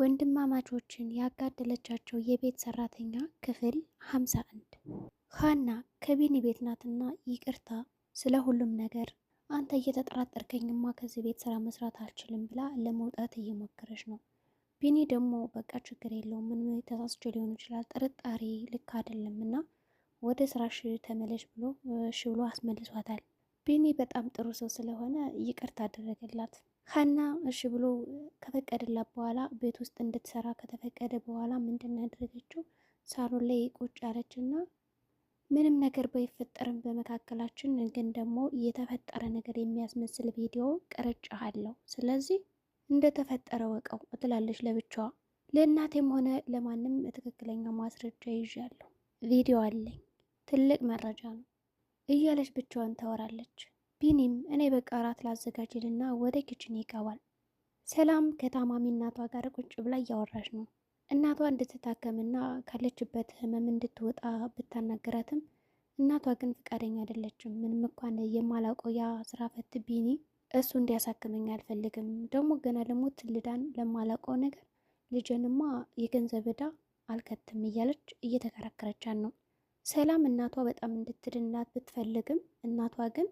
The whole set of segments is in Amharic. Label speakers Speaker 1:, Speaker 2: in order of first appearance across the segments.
Speaker 1: ወንድማማቾችን ያጋደለቻቸው የቤት ሰራተኛ ክፍል 51 ሃና ከቢኒ ቤት ናትና ይቅርታ ስለ ሁሉም ነገር አንተ እየተጠራጠርከኝማ ከዚህ ቤት ስራ መስራት አልችልም ብላ ለመውጣት እየሞከረች ነው። ቢኒ ደግሞ በቃ ችግር የለውም ምን ተሳስቼ ሊሆን ይችላል ጥርጣሬ ልክ አይደለም እና ወደ ስራሽ ተመለሽ ብሎ እሺ ብሎ አስመልሷታል። ቢኒ በጣም ጥሩ ሰው ስለሆነ ይቅርታ አደረገላት። ሀና እሺ ብሎ ከፈቀደላት በኋላ ቤት ውስጥ እንድትሰራ ከተፈቀደ በኋላ ምንድን ያደረገችው ሳሎን ላይ ቁጭ ያለች እና ምንም ነገር ባይፈጠርም በመካከላችን ግን ደግሞ የተፈጠረ ነገር የሚያስመስል ቪዲዮ ቀረጫሃለሁ፣ አለው። ስለዚህ እንደተፈጠረ ወቀው ትላለች ለብቻዋ። ለእናቴም ሆነ ለማንም ትክክለኛ ማስረጃ ይዣለሁ፣ ቪዲዮ አለኝ፣ ትልቅ መረጃ ነው እያለች ብቻዋን ታወራለች። ቢኒም እኔ በቃ እራት ላዘጋጅልና ወደ ኪችን ይገባል። ሰላም ከታማሚ እናቷ ጋር ቁጭ ብላ እያወራች ነው። እናቷ እንድትታከምና ካለችበት ህመም እንድትወጣ ብታናገራትም እናቷ ግን ፍቃደኛ አይደለችም። ምንም እንኳን የማላውቀው ያ ስራ ፈት ቢኒ እሱ እንዲያሳክመኝ አልፈልግም። ደግሞ ገና ለሞት ልዳን ለማላውቀው ነገር ልጅንማ የገንዘብ ዕዳ አልከትም እያለች እየተከራከረቻን ነው። ሰላም እናቷ በጣም እንድትድናት ብትፈልግም እናቷ ግን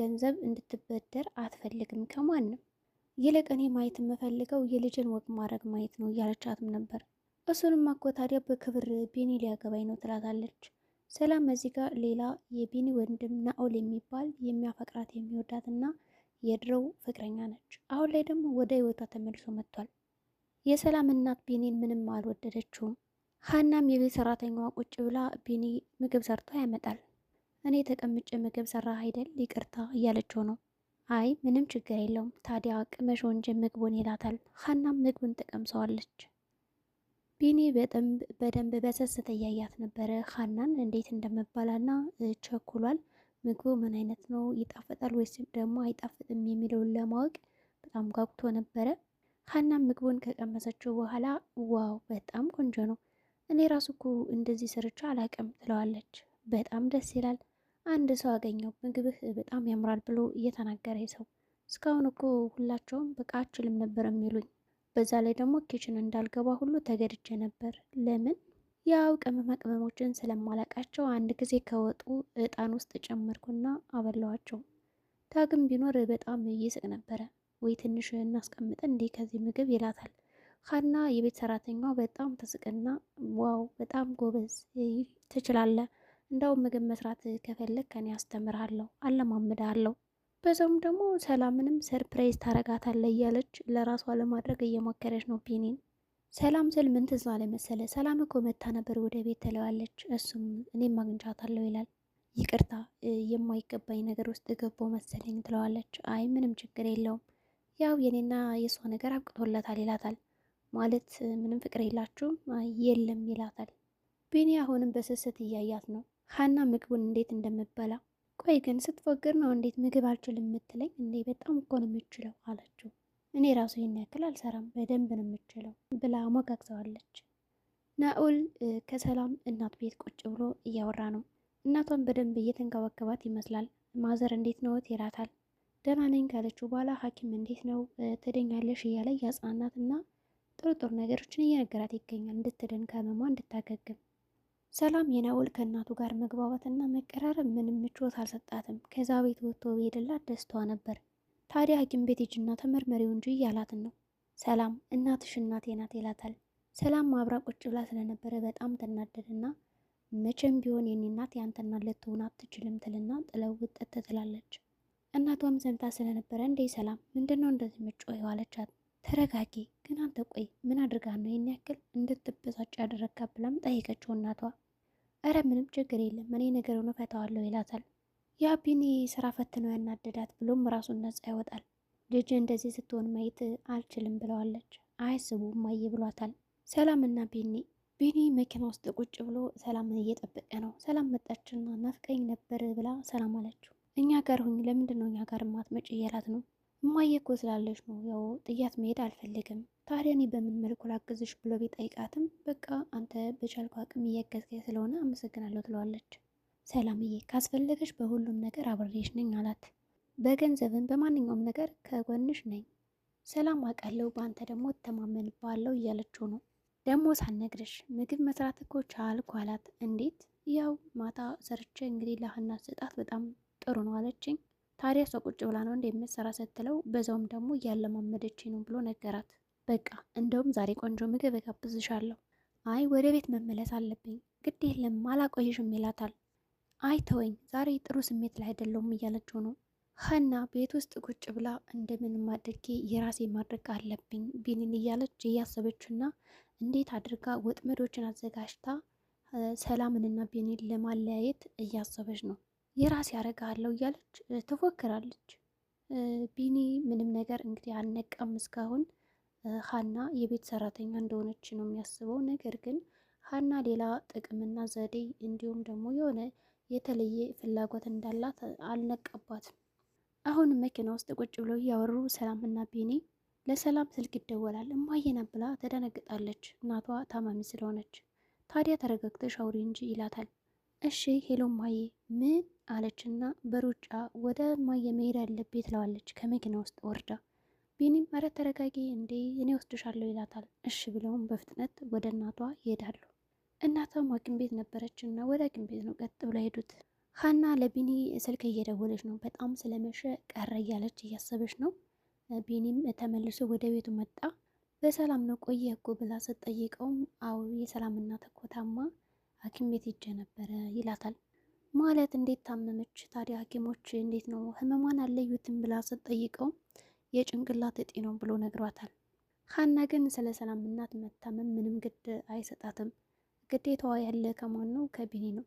Speaker 1: ገንዘብ እንድትበደር አትፈልግም ከማንም። ይልቅ እኔ ማየት የምፈልገው የልጅን ወግ ማድረግ ማየት ነው እያለቻትም ነበር። እሱንም አኮ ታዲያ በክብር ቤኒ ሊያገባኝ ነው ትላታለች። ሰላም እዚህ ጋር ሌላ የቢኒ ወንድም ናኦል የሚባል የሚያፈቅራት የሚወዳትና የድሮው ፍቅረኛ ነች። አሁን ላይ ደግሞ ወደ ህይወቷ ተመልሶ መጥቷል። የሰላም እናት ቤኒን ምንም አልወደደችውም። ሀናም የቤት ሰራተኛዋ ቁጭ ብላ ቤኒ ምግብ ሰርቶ ያመጣል። እኔ ተቀምጬ ምግብ ሰራ አይደል ይቅርታ እያለችው ነው። አይ ምንም ችግር የለውም ታዲያ ቅመሽ ወንጀ ምግቡን ይላታል። ሀናም ምግቡን ተቀምሰዋለች። ቢኒ በደንብ በሰሰተ እያያት ነበረ ሀናን እንዴት እንደመባላና ቸኩሏል። ምግቡ ምን አይነት ነው ይጣፍጣል ወይስ ደግሞ አይጣፍጥም የሚለውን ለማወቅ በጣም ጓጉቶ ነበረ። ሀናም ምግቡን ከቀመሰችው በኋላ ዋው በጣም ቆንጆ ነው፣ እኔ ራሱ እኮ እንደዚህ ስርቻ አላቅም ትለዋለች። በጣም ደስ ይላል አንድ ሰው አገኘው ምግብህ በጣም ያምራል ብሎ እየተናገረ ሰው እስካሁን እኮ ሁላቸውም በቃ አችልም ነበር የሚሉኝ። በዛ ላይ ደግሞ ኪችን እንዳልገባ ሁሉ ተገድጀ ነበር። ለምን? ያው ቅመማ ቅመሞችን ስለማላቃቸው አንድ ጊዜ ከወጡ እጣን ውስጥ ጨመርኩና አበላዋቸው። ዳግም ቢኖር በጣም ይስቅ ነበረ። ወይ ትንሽ እናስቀምጠ እንዴ ከዚህ ምግብ ይላታል። ሀና የቤት ሰራተኛዋ በጣም ተስቅና ዋው በጣም ጎበዝ ትችላለህ እንዳውም ምግብ መስራት ከፈለግ ከኔ አስተምርሃለሁ፣ አለማምድሃለሁ። በዛውም ደግሞ ሰላምንም ሰርፕራይዝ ታረጋታለ እያለች ለራሷ ለማድረግ እየሞከረች ነው ቢኒን። ሰላም ስል ምን ትዝ አለ መሰለ፣ ሰላም እኮ መታ ነበር ወደ ቤት ትለዋለች። እሱም እኔም አግኝቻታለሁ ይላል። ይቅርታ የማይገባኝ ነገር ውስጥ ገባሁ መሰለኝ ትለዋለች። አይ ምንም ችግር የለውም ያው የኔና የእሷ ነገር አብቅቶለታል ይላታል። ማለት ምንም ፍቅር የላችሁም የለም ይላታል። ቢኒ አሁንም በስስት እያያት ነው። ሀና ምግቡን እንዴት እንደምበላ ቆይ ግን ስትፎግር ነው እንዴት ምግብ አልችልም የምትለኝ እንዴ? በጣም እኮ ነው የምችለው አለችው። እኔ ራሱ ይህን ያክል አልሰራም በደንብ ነው የምችለው ብላ አሞጋግዘዋለች። ናኡል ከሰላም እናት ቤት ቁጭ ብሎ እያወራ ነው። እናቷን በደንብ እየተንከባከባት ይመስላል። ማዘር እንዴት ነዎት ይላታል። ደህና ነኝ ካለችው በኋላ ሐኪም እንዴት ነው ትደኛለሽ እያለ እያጽናናት እና ጥሩ ጥሩ ነገሮችን እየነገራት ይገኛል። እንድትድን ከህመሟ እንድታገግም ሰላም የናውል ከእናቱ ጋር መግባባትና መቀራረብ ምንም ምቾት አልሰጣትም። ከዛ ቤት ወጥቶ ብሄድላት ደስታዋ ነበር። ታዲያ ሐኪም ቤት ሂጂና ተመርመሪው እንጂ እያላትን ነው። ሰላም እናትሽ እናቴ ናት ይላታል። ሰላም አብራ ቁጭ ብላ ስለነበረ በጣም ትናደድና መቼም ቢሆን የኔ እናት ያንተ እናት ልትሆን አትችልም ትልና ጥለው ውጠት ትላለች። እናቷም ሰምታ ስለነበረ እንዴ ሰላም ምንድነው እንደዚህ ምጮ ይዋለቻት። ተረጋጌ ግን አንተ ቆይ ምን አድርጋ ነው ይህን ያክል እንድትበሳጭ ያደረጋ ብላም ጠይቀችው እናቷ። እረ ምንም ችግር የለም እኔ ነገሩን እፈታዋለሁ ይላታል። ቢኒ ስራ ፈትነው ያናደዳት ብሎም ራሱን ነጻ ይወጣል። ልጅ እንደዚህ ስትሆን ማየት አልችልም ብለዋለች። አይስቡ ማየ ብሏታል። ሰላምና ቢኒ ቢኒ መኪና ውስጥ ቁጭ ብሎ ሰላምን እየጠበቀ ነው። ሰላም መጣችና ናፍቀኝ ነበር ብላ ሰላም አለችው። እኛ ጋር ሁኝ፣ ለምንድን ነው እኛ ጋር ማትመጭ እያላት ነው። እማዬ እኮ ስላለች ነው ያው ጥያት መሄድ አልፈልግም ታዲያ እኔ በምን መልኩ ላግዝሽ ብሎ ቢጠይቃትም በቃ አንተ በቻልኩ አቅም እያገዝከኝ ስለሆነ አመሰግናለሁ ትለዋለች። ሰላምዬ ካስፈለገሽ በሁሉም ነገር አብሬሽ ነኝ አላት። በገንዘብም በማንኛውም ነገር ከጎንሽ ነኝ፣ ሰላም አውቃለሁ፣ በአንተ ደግሞ እተማመንባለሁ እያለችው ነው። ደግሞ ሳነግርሽ ምግብ መስራት እኮ ቻልኩ አላት። እንዴት? ያው ማታ ሰርቼ እንግዲህ ላህና ስጣት በጣም ጥሩ ነው አለችኝ። ታዲያ እሷ ቁጭ ብላ ነው እንደምትሰራ ስትለው፣ በዛውም ደግሞ እያለማመደች ነው ብሎ ነገራት። በቃ እንደውም ዛሬ ቆንጆ ምግብ እጋብዝሻለሁ። አይ ወደ ቤት መመለስ አለብኝ፣ ግድ የለም አላቆይሽም ይላታል። አይ ተወኝ፣ ዛሬ ጥሩ ስሜት ላይ አይደለሁም እያለችው ነው። ሀና ቤት ውስጥ ቁጭ ብላ እንደምንም አድርጌ የራሴ ማድረግ አለብኝ ቢኒን እያለች እያሰበችና እንዴት አድርጋ ወጥመዶችን አዘጋጅታ ሰላምንና ቢኒን ለማለያየት እያሰበች ነው። የራሴ አደርግሃለሁ እያለች ትፎክራለች። ቢኒ ምንም ነገር እንግዲህ አልነቀም እስካሁን ሀና የቤት ሰራተኛ እንደሆነች ነው የሚያስበው። ነገር ግን ሀና ሌላ ጥቅምና ዘዴ እንዲሁም ደግሞ የሆነ የተለየ ፍላጎት እንዳላት አልነቀባትም። አሁን መኪና ውስጥ ቁጭ ብለው እያወሩ ሰላምና ቢኒ ለሰላም ስልክ ይደወላል። እማየና ብላ ተደነግጣለች፣ እናቷ ታማሚ ስለሆነች። ታዲያ ተረጋግተሽ አውሪ እንጂ ይላታል። እሺ ሄሎ ማየ ምን አለችና በሩጫ ወደ ማየ መሄድ አለብኝ ትለዋለች ከመኪና ውስጥ ወርዳ ቢኒም ኧረ ተረጋጊ እንዴ እኔ ወስድሻለሁ ይላታል። እሺ ብለውም በፍጥነት ወደ እናቷ ይሄዳሉ። እናቷም ሐኪም ቤት ነበረች እና ወደ ሐኪም ቤት ነው ቀጥ ብለ ሄዱት። ሀና ለቢኒ ስልክ እየደወለች ነው። በጣም ስለመሸ ቀረ እያለች እያሰበች ነው። ቢኒም ተመልሶ ወደ ቤቱ መጣ። በሰላም ነው ቆየ እኮ ብላ ስትጠይቀውም አዎ የሰላም እናት እኮ ታማ ሐኪም ቤት ሄጄ ነበረ ይላታል። ማለት እንዴት ታመመች ታዲያ ሐኪሞች እንዴት ነው ህመሟን አለዩትም ብላ ስትጠይቀውም የጭንቅላት እጢ ነው ብሎ ነግሯታል። ሀና ግን ስለ ሰላም እናት መታመም ምንም ግድ አይሰጣትም። ግዴታዋ ያለ ከማን ነው? ከቢኒ ነው።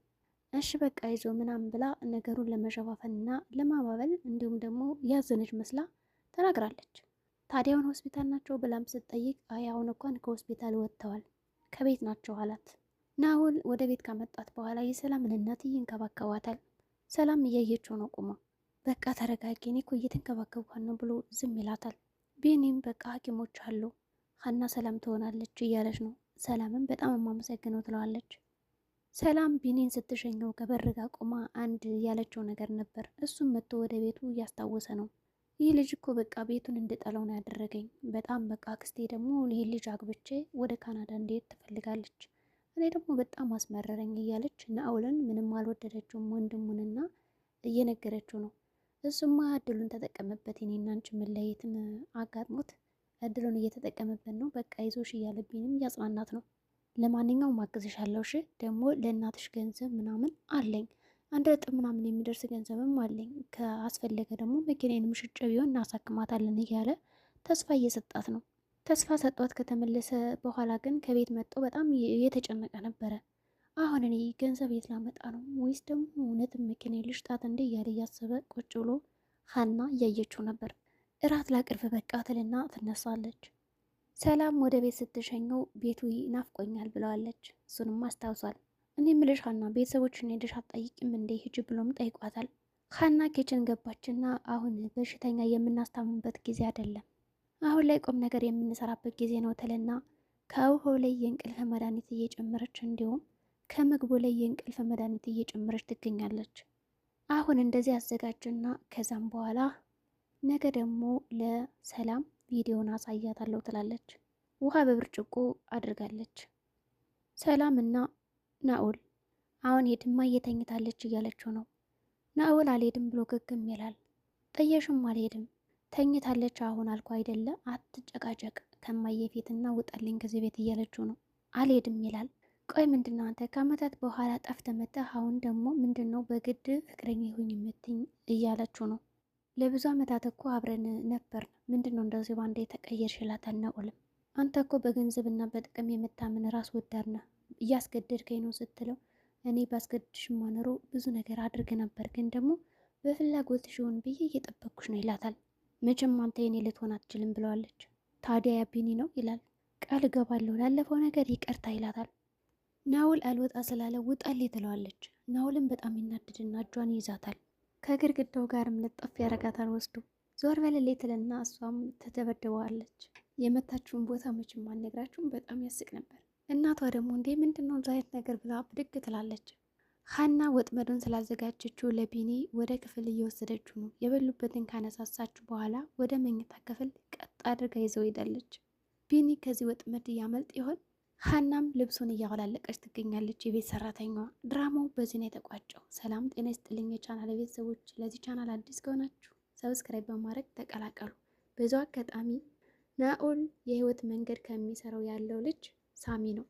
Speaker 1: እሺ በቃ ይዞ ምናምን ብላ ነገሩን ለመሸፋፈን እና ለማባበል እንዲሁም ደግሞ ያዘነች መስላ ተናግራለች። ታዲያውን ሆስፒታል ናቸው ብላም ስትጠይቅ አይ አሁን እንኳን ከሆስፒታል ወጥተዋል ከቤት ናቸው አላት። ናሁል ወደ ቤት ካመጣት በኋላ የሰላምን እናት ይንከባከባታል። ሰላም እያየችው ነው ቁማ በቃ ተረጋጊ፣ እኔ እኮ እየተንከባከብኳት ነው ብሎ ዝም ይላታል። ቢኒም በቃ ሐኪሞች አሉ ሀና ሰላም ትሆናለች እያለች ነው። ሰላምን በጣም የማመሰግነው ትለዋለች። ሰላም ቢኒን ስትሸኘው ከበርጋ ቆማ አንድ ያለችው ነገር ነበር። እሱም መጥቶ ወደ ቤቱ እያስታወሰ ነው። ይህ ልጅ እኮ በቃ ቤቱን እንድጠለው ነው ያደረገኝ። በጣም በቃ አክስቴ ደግሞ ይህ ልጅ አግብቼ ወደ ካናዳ እንዴት ትፈልጋለች? እኔ ደግሞ በጣም አስመረረኝ እያለች ናኦልን ምንም አልወደደችውም። ወንድሙንና እየነገረችው ነው እሱማ እድሉን ተጠቀመበት። የኔና አንቺ መለየትን አጋጥሞት እድሉን እየተጠቀመበት ነው። በቃ ይዞሽ እያለብኝም እያጽናናት ነው። ለማንኛውም አግዝሻለሁ። እሺ ደግሞ ለእናትሽ ገንዘብ ምናምን አለኝ አንድ ነጥብ ምናምን የሚደርስ ገንዘብም አለኝ። ከአስፈለገ ደግሞ መኪናዬን ምሽጭ ቢሆን እናሳክማታለን እያለ ተስፋ እየሰጣት ነው። ተስፋ ሰጧት ከተመለሰ በኋላ ግን ከቤት መጥቶ በጣም እየተጨነቀ ነበረ። አሁን እኔ ገንዘብ የት ላመጣ ነው ወይስ ደግሞ እውነት መኪና ልሽጣት እንዴ እያለ እያሰበ ቁጭ ብሎ ሀና እያየችው ነበር። እራት ላቅርብ በቃ ትልና ትነሳለች። ሰላም ወደ ቤት ስትሸኘው ቤቱ ናፍቆኛል ብለዋለች። እሱንም አስታውሷል። እኔ ምልሽ ሀና ቤተሰቦችን ሄደሽ አትጠይቂም እንዴ ሂጂ ብሎም ጠይቋታል። ሀና ኬችን ገባችና አሁን በሽተኛ የምናስታምንበት ጊዜ አይደለም፣ አሁን ላይ ቁም ነገር የምንሰራበት ጊዜ ነው ትልና ከውሃው ላይ የእንቅልፍ መድኃኒት እየጨመረች እንዲሁም ከምግቡ ላይ የእንቅልፍ መድኃኒት እየጨመረች ትገኛለች። አሁን እንደዚህ አዘጋጅና ከዛም በኋላ ነገ ደግሞ ለሰላም ቪዲዮን አሳያታለሁ ትላለች። ውሃ በብርጭቆ አድርጋለች። ሰላም እና ናኦል አሁን ሄድማ እየተኝታለች እያለችው ነው። ናኦል አልሄድም ብሎ ግግም ይላል። ጥየሽም አልሄድም ተኝታለች አሁን አልኩ አይደለ አትጨቃጨቅ ከማየ ፊትና ውጣልኝ ከዚህ ቤት እያለችው ነው። አልሄድም ይላል። ቆይ ምንድን ነው አንተ ከአመታት በኋላ ጠፍተህ መጣህ፣ አሁን ደግሞ ምንድን ነው በግድ ፍቅረኛ ይሁኝ የምትኝ እያለችው ነው። ለብዙ አመታት እኮ አብረን ነበር፣ ምንድን ነው እንደዚህ ባንድ የተቀየርሽ ይላታል ናኦልም። አንተ እኮ በገንዘብና በጥቅም የምታምን ራስ ወዳድ ነህ፣ እያስገደድከኝ ነው ስትለው እኔ ባስገድድሽ ማኖሮ ብዙ ነገር አድርግ ነበር፣ ግን ደግሞ በፍላጎትሽ ይሁን ብዬ እየጠበኩሽ ነው ይላታል። መቼም አንተ የኔ ልትሆን አትችልም ብለዋለች። ታዲያ ያቢኒ ነው ይላል። ቃል እገባለሁ ላለፈው ነገር ይቅርታ ይላታል። ናውል አልወጣ ስላለ ውጣል ትለዋለች። ናውልም በጣም ይናደድና እጇን ይይዛታል። ከግድግዳው ጋርም ልጠፍ ያረጋታል ወስዶ። ዞር በሌሌ ትልና እሷም ተደበድበዋለች። የመታችውን ቦታ መቼም አልነግራችሁም። በጣም ያስቅ ነበር። እናቷ ደግሞ እንዴ ምንድነው እዛ አይነት ነገር ብላ ብድግ ትላለች። ሀና ወጥመዱን ስላዘጋጀችው ለቢኒ ወደ ክፍል እየወሰደችው ነው። የበሉበትን ካነሳሳችሁ በኋላ ወደ መኝታ ክፍል ቀጥ አድርጋ ይዘው ሄዳለች። ቢኒ ከዚህ ወጥመድ እያመልጥ ይሆን? ሀናም ልብሱን እያወላለቀች ትገኛለች። የቤት ሰራተኛዋ ድራማው በዚህ ነው የተቋጨው። ሰላም ጤና ይስጥልኝ የቻናል ቤተሰቦች፣ ለዚህ ቻናል አዲስ ከሆናችሁ ሰብስክራይብ በማድረግ ተቀላቀሉ። በዚሁ አጋጣሚ ናኦል የህይወት መንገድ ከሚሰራው ያለው ልጅ ሳሚ ነው።